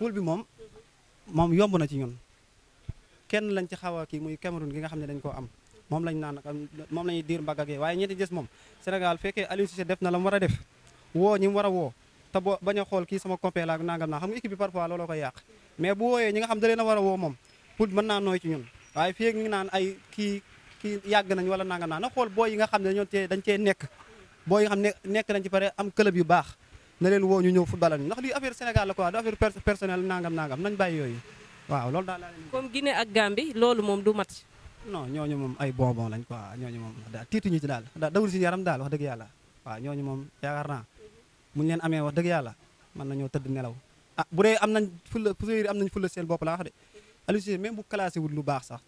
pool bi moom moom yomb na ci ñun kenn lañ ci xaw a kii muy Cameroun gi nga xam ne dañ koo am moom lañ naan moom lañuy diir mbagg ak waaye ñeenti des moom Sénégal fekkee Aliou Cissé def na la mu war a def woo ñi mu war a woo te boo bañ a xool kii sama compé la nangam naa xam nga équipe bi parfois looloo ko yàq mais bu wooyee ñi nga xam da leen war a woo moom pool mën naa nooy ci ñun waaye fii ak naan ay ki kii yàgg nañ wala nangam naa na xool boo yi nga xam ne dañoo tee dañ cee nekk boo xam ne nekk nañ ci pare am club yu baax na leen woo ñu ñëw football ñu ndax lii affaire Sénégal la quoi du affaire personnel nangam nangam nañ bàyyi yooyu waaw loolu daal laa leen. comme Guinée ak Gambie loolu moom du match. non ñooñu moom ay bonbon lañ quoi ñooñu moom ñu tiituñu ci daal daal dawul si yaram daal wax dëgg yàlla waaw ñooñu moom yaakaar naa muñ wax dëgg yàlla mën nañoo tëdd nelaw ah, am nañ fulla am nañ fulla seen bopp laa wax de bu classé wul lu baax sax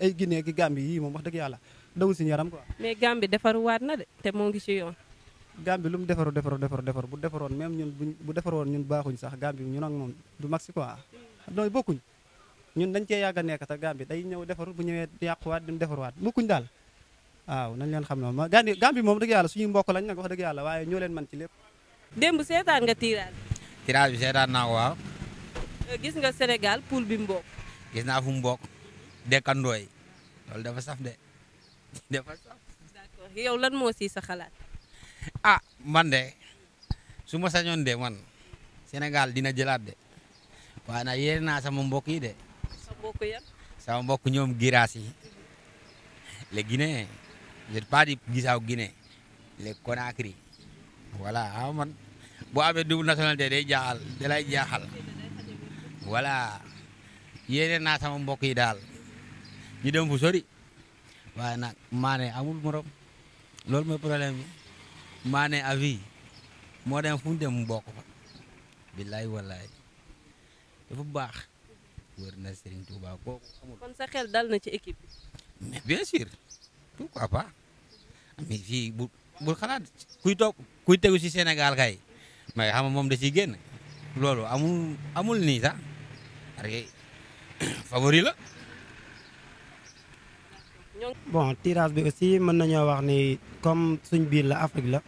ay Guinée ak Gambie yii moom wax dëgg yàlla dawul si yaram quoi. mais Gambie defaruwaat na de te moo ngi ci yoon. gambi lu mu defaru defaru defaru defaru bu defaron même ñun bu defaron ñun baxuñ sax gambi ñun ak mom du maxi quoi nooy bokkuñ ñun dañ ci yaga nek ta gambi day ñew defaru bu yaq waat dem waat bokkuñ dal waaw nañ leen xam ne ma gambi gambi mom dëgg yalla suñu mbokk lañ nak wax deug yalla waye ñoo leen man ci lepp demb seetaan nga tiral tiral bi seetaan na ko waaw euh, gis nga Sénégal pool bi mbokk gis na fu mbokk dekkandooy lol dafa saf de dafa saf d'accord yow lan mo si sa xalaat ah man de su ma sañoon de man Sénégal dina jëlaat de waaye na yéen naa sama mbokk yi de. sama mbokk yan. sama mbokk ñoom Giraas yi les Guinéens je pas di Gisaaw Guinée les Conakry voilà ah, man boo amee double nationalité day jaaxal da lay jaaxal naa sama mbokk yi daal ñu dem fu sori waaye nag maa amul morom loolu mooy problème maane à vie moo dem fu mu dem mu bokk fa billaay wallaay dafa baax wër na Serigne Touba kooku amul. kon sa xel dal na ci équipe bi. mais bien sûr xalaat kuy toog kuy tegu ci Sénégal kay mais xam moom da ciy génn loolu amu amul nii sax parce que la. bon tirage bi aussi mën nañoo wax ni comme suñu biir la Afrique la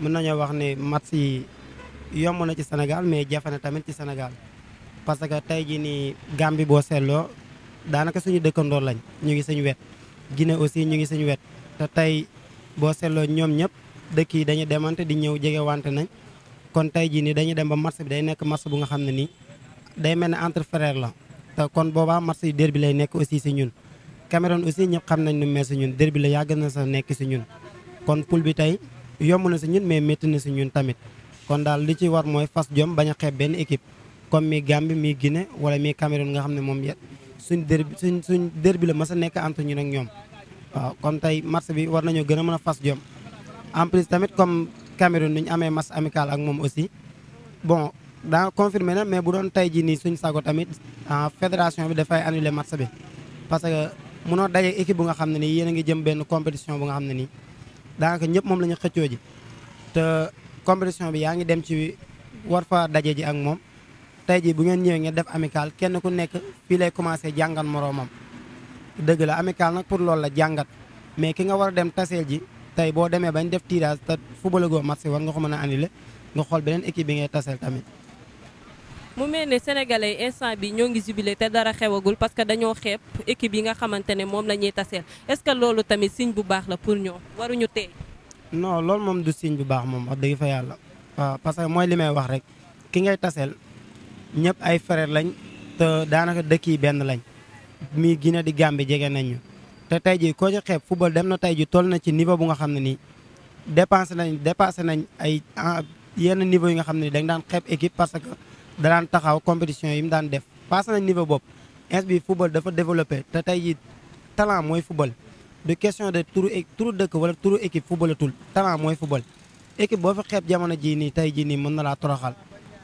mën nañoo wax ni match yi yomb na ci Sénégal mais jafe na tamit ci Sénégal parce que tey jii nii Gambie boo seetloo daanaka suñu dëkkandoor lañ ñu ngi suñu wet Guinée aussi ñu ngi suñu wet te tey boo seetloo ñoom ñëpp dëkk yi dañu demante di ñëw jege wante nañ kon tey jii nii dañuy dem ba match bi day nekk match bu nga xam ne nii day mel ne entre frères la te kon boobaa match yu derby lay nekk si ñun Cameroun aussi ñëpp xam nañ nu mel si ñun derbi la yàgg na sax nekk si ñun kon poule bi tey yomb na si ñun mais métti na si ñun tamit kon daal li ci war mooy fas jom bañ a xeeb benn équipe comme mi Gambie mi gine wala mi Cameroun nga xam ne moom suñ derbi suñ suñ derbi la mas a nekk entre ñun ak ñoom waaw kon tey match bi war nañoo gën a mën a fas jom en plus tamit comme Cameroun nu ñu amee match amical ak moom aussi bon daa confirmé na mais bu doon tey ji nii suñ sago tamit ah, fédération bi dafay annulé match bi munoo daje équipe bu nga xam ne nii yéen a ngi jëm benn compétition bu nga xam ne nii daanaka ñëpp moom la ñu xëccoo ji te compétition bi yaa ngi dem ci war fa daje ji ak moom tey ji bu ngeen ñëwee nga def amical kenn ku nekk fii lay commencé jàngat moroomam dëgg la amical nag pour loolu la jàngat mais ki nga war a dem taseel ji tey boo demee bañ def tirage te football goo match war nga ko mën a annulé nga xool beneen équipe bi ngay taseel tamit mu mel ne sénégalais instant bi ñoo ngi jubilé te dara xewagul parce que dañoo xeeb équipe yi nga xamante ne moom la ñuy taseel est que loolu tamit signe bu baax la pour ñoom waruñu tey. non loolu moom du signe bu baax moom wax dëgg fa yàlla waaw parce que mooy limay wax rek ki ngay taseel ñëpp ay frère lañ te daanaka dëkk yi benn lañ muy Guinée di Gambie jege nañ ñu te tey jii koo ci xeeb football dem na tey ji toll na ci niveau bu nga xam ne nii dépensé nañ dépassé nañ ay ah, yenn niveau yi nga xam ne dañ daan xeeb équipe parce que. danaan taxaw compétition yi mu daan def passé nañ niveau bopp ins bi football dafa développé te tey jii talent mooy football du question de turu turu dëkk wala turu équipe footballatul talent mooy football équipe boo fi xeeb jamono jii nii tey jii nii mën na laa toroxal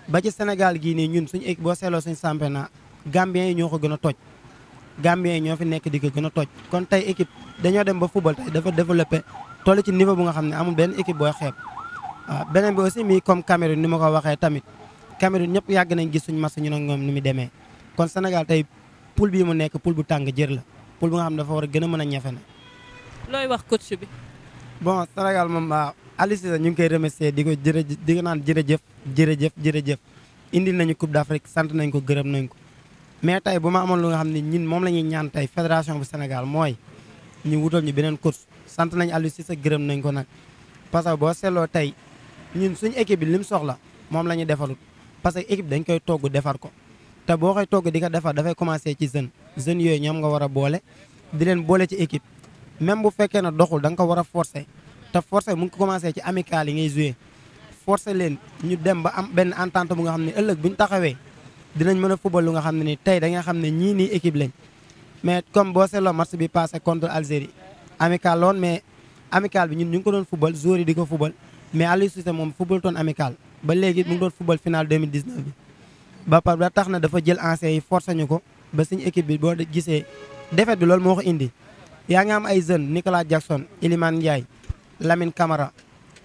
ba ci Sénégal gii nii ñun suñu équipe boo seetloo suñu championnat Gambien yi ñoo ko gën a toj Gambien yi ñoo fi nekk di ko gën a toj kon tey équipe dañoo dem ba football tey dafa développé toll ci niveau bu nga xam ne amul benn équipe booy xeeb waaw ah, beneen bi aussi mi comme Cameroun ni ma ko waxee tamit Cameroun ñëpp yàgg nañ gis suñ match ñu nag ñoom ni mu demee kon Sénégal tey poule bii mu nekk poule bu tàng jër la poule bu nga xam ne dafa war a gën a mën a ñafe na. looy wax coach bi. bon Sénégal moom ah, Aliou Cissé ñu ngi koy remercier di ko jërë di ko naan jërëjëf jërëjëf jërëjëf indil nañu Coupe d'Afrique sant nañ ko gërëm nañ ko mais tey bu ma amoon lu nga xam ne ñun moom la ñuy ñaan tey fédération bu Sénégal mooy ñu wutal ñu beneen coach sant nañ Aliou Cissé gërëm nañ ko nag parce que boo seetloo tey ñun suñu équipe bi lim soxla moom la ñu defalut parce que équipe dañ koy togg defar ko te boo koy togg di ko defar dafay commencé ci jeune jeunes yooyu ñoom nga war a boole di leen boole ci équipe même bu fekkee ne doxul danga ko war a forcer te forcer mu ngi ko commencé ci amical yi ngay joué forcer leen ñu dem ba am benn entente bu nga xam ne ëllëg bu ñu taxawee dinañ mën a football lu nga xam ne ni tey da nga xam ne ñii nii équipe lañ mais comme boo seetloo match bi passé contre Algérie amical loon mais amical bi ñun ñu ngi ko doon football joueur yi di ko football mais Aliou Cissé moom football toon amical ba léegi mu ngi doon football final 2019 bi ba par ba tax na dafa jël ancien yi forcé ñu ko ba suñu équipe bi boo gisee defet bi loolu moo ko indi yaa ngi am ay jeunes Nicolas Jackson Iliman Ndiaye Lamine Camara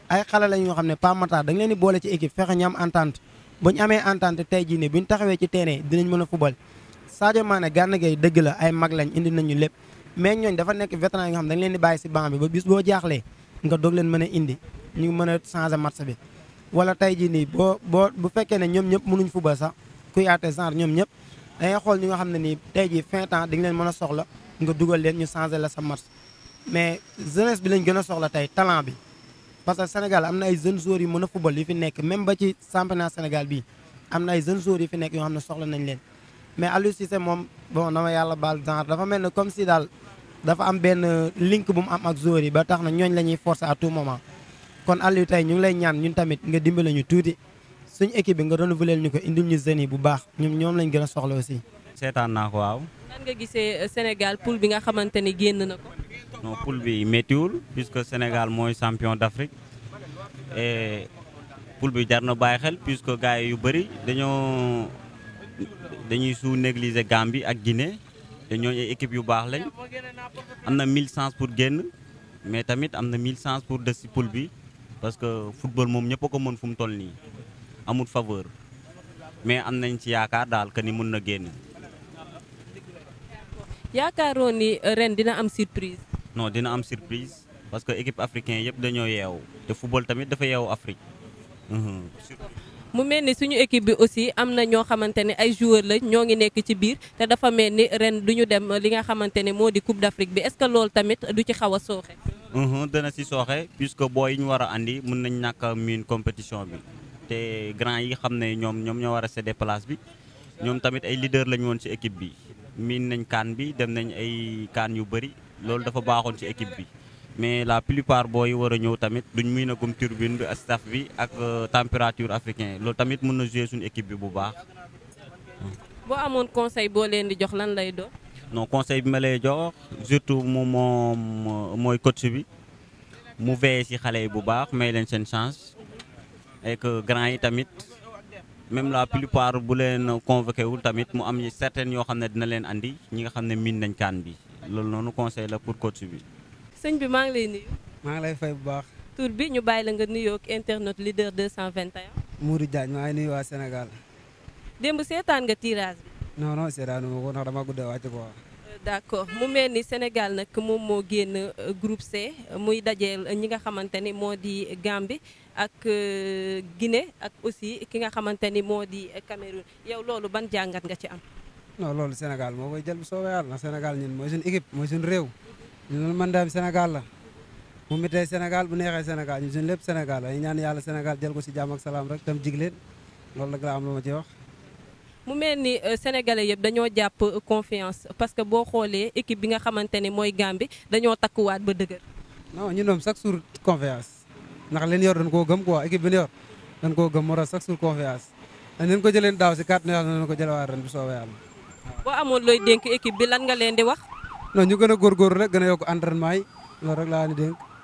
ay xale la ñoo xam ne Pa Matar da leen di boole ci équipe fexe ñu am entente bu ñu amee entente tey jii ne bu ñu taxawee ci terrain dinañ mën a football Sadio Mané Gana Gueye dëgg la ay mag lañ indi nañu lépp mais ñooñ dafa nekk vétéran yi nga xam leen di bàyyi si banc bi ba bis boo jaaxlee nga doog leen mën a indi ñu mën a changer match bi wala tey jii nii boo boo bu fekkee ne ñoom ñëpp mënuñ football sax kuy aate genre ñoom ñëpp dangay xool ñi nga xam ne nii tey jii fin temps di nga leen mën a soxla nga dugal leen ñu changé la sa match mais jeunesse bi lañ gën a soxla tey talent bi parce que Sénégal am na ay jeunes joueurs yu mën a football yu fi nekk même ba ci championnat Sénégal bii am na ay jeunes joueurs yu fi nekk yoo xam ne soxla nañ leen mais Aliou Cissé moom bon na ma yàlla baal genre dafa mel ne comme si daal dafa am benn link bu mu am ak joueurs yi ba tax na ñooñ la ñuy forcer à tout moment kon Aliou tay ñu ngi lay ñaan ñun tamit nga dimbalé ñu tuuti suñu équipe bi nga renouveler ñu ko indil ñu jeunes bu baax ñoom ñom lañu gëna a soxla aussi. sétan na ko waaw. nan nga gisee euh, Sénégal poule bi nga xamante ni génn na ko. non poule bi méttiwul puisque Sénégal moy champion d'Afrique et poule bi jarno na xel puisque gaay yu bari dañoo dañuy sous négliger Gambie ak Guinée te ñooñu équipe yu baax lañ amna na chances pour génn mais tamit amna na chances pour des si poule bi. parce que football moom ñëpp a ko mën fu mu toll nii amul faveur mais am nañ ci yaakaar daal que ni mën na génn. yaakaaroon ni euh, ren dina am surprise. non dina am surprise parce que équipe africain yëpp dañoo yeewu te football tamit dafa yeewu Afrique. Mhm. mu mel ni suñu équipe bi aussi am na ñoo xamante ne ay joueurs la ñoo ngi nekk ci biir te dafa mel ni ren du ñu dem li nga xamante ne moo di Coupe d'Afrique bi est-ce que loolu tamit du ci xaw a sooxe. Mm-hmm, dana si sooxe puisque booy yi ñu war a andi mën nañ ñàkk a compétition bi te grand yi xam ne ñoom ñoom ñoo war a cédé place bi ñoom tamit ay leader lañu woon si équipe bi miin nañ kaan bi dem nañ ay kaan yu bëri loolu dafa baaxoon ci équipe bi. mais la plupart boy wara a tamit duñ muy na comme turbine bi staff bi ak euh, température africain loolu tamit mëna jouer suñu équipe bi bu baax. bo amone conseil bo leen di jox lan lay do non conseil bi ma lay jox surtout moom moom euh, mooy coach bi mu veillé ci xalé bu baax may leen seen chance et que grand yi tamit même la plupart bu leen convoqué wul tamit mu am certaines yoo xam ne dina leen andi ñi nga xamne min nañ kan bi loolu nonu conseil la pour coach bi. sëñ bi maa ngi lay nuyu. maa ngi lay fay bu baax. tur bi ñu bàyyi la nga nuyoo ak internet leader 221. Mourou Diagne maa ngi nuyu waa Sénégal. démb seetaan nga tirage bi. non non seetaanu ma ko ndax dama guddee wàcc ko euh, d' accord mu mel ni Sénégal nag moom moo génn euh, groupe C muy dajeel euh, ñi nga xamante ni moo di Gambie ak Guinée ak aussi ki nga xamante ni moo di Cameroun yow loolu ban jàngat nga ci am. non loolu Sénégal moo koy jël bu soobee yàlla Sénégal ñun mooy suñu équipe mooy suñu réew. ñun man bi senegal la bu mitay senegal bu neexee senegal ñu suñu lépp Sénégal la ñaan yalla senegal jël ko ci jamm ak salam rek tam jigleen lool nag la am luma ci wax. mu melni euh, sénégalais yeb dañoo japp euh, confiance parce que bo xolé équipe bi nga xamante moy gambi dañoo takku waat ba deuguer non ñun ñom chaque jour confiance nak leen yor dañ ko gëm quoi équipe bi ñu yor dañ ko gëm moo tax chaque jour confiance dañ leen ko jëleen daw ci carte yàlla dañ ko jël waat ren bu soowé yalla bo amoon loy denk équipe bi lan nga leen di wax. non ñu gën a góorgóorlu rek gën a yokk entraînement yi loolu rek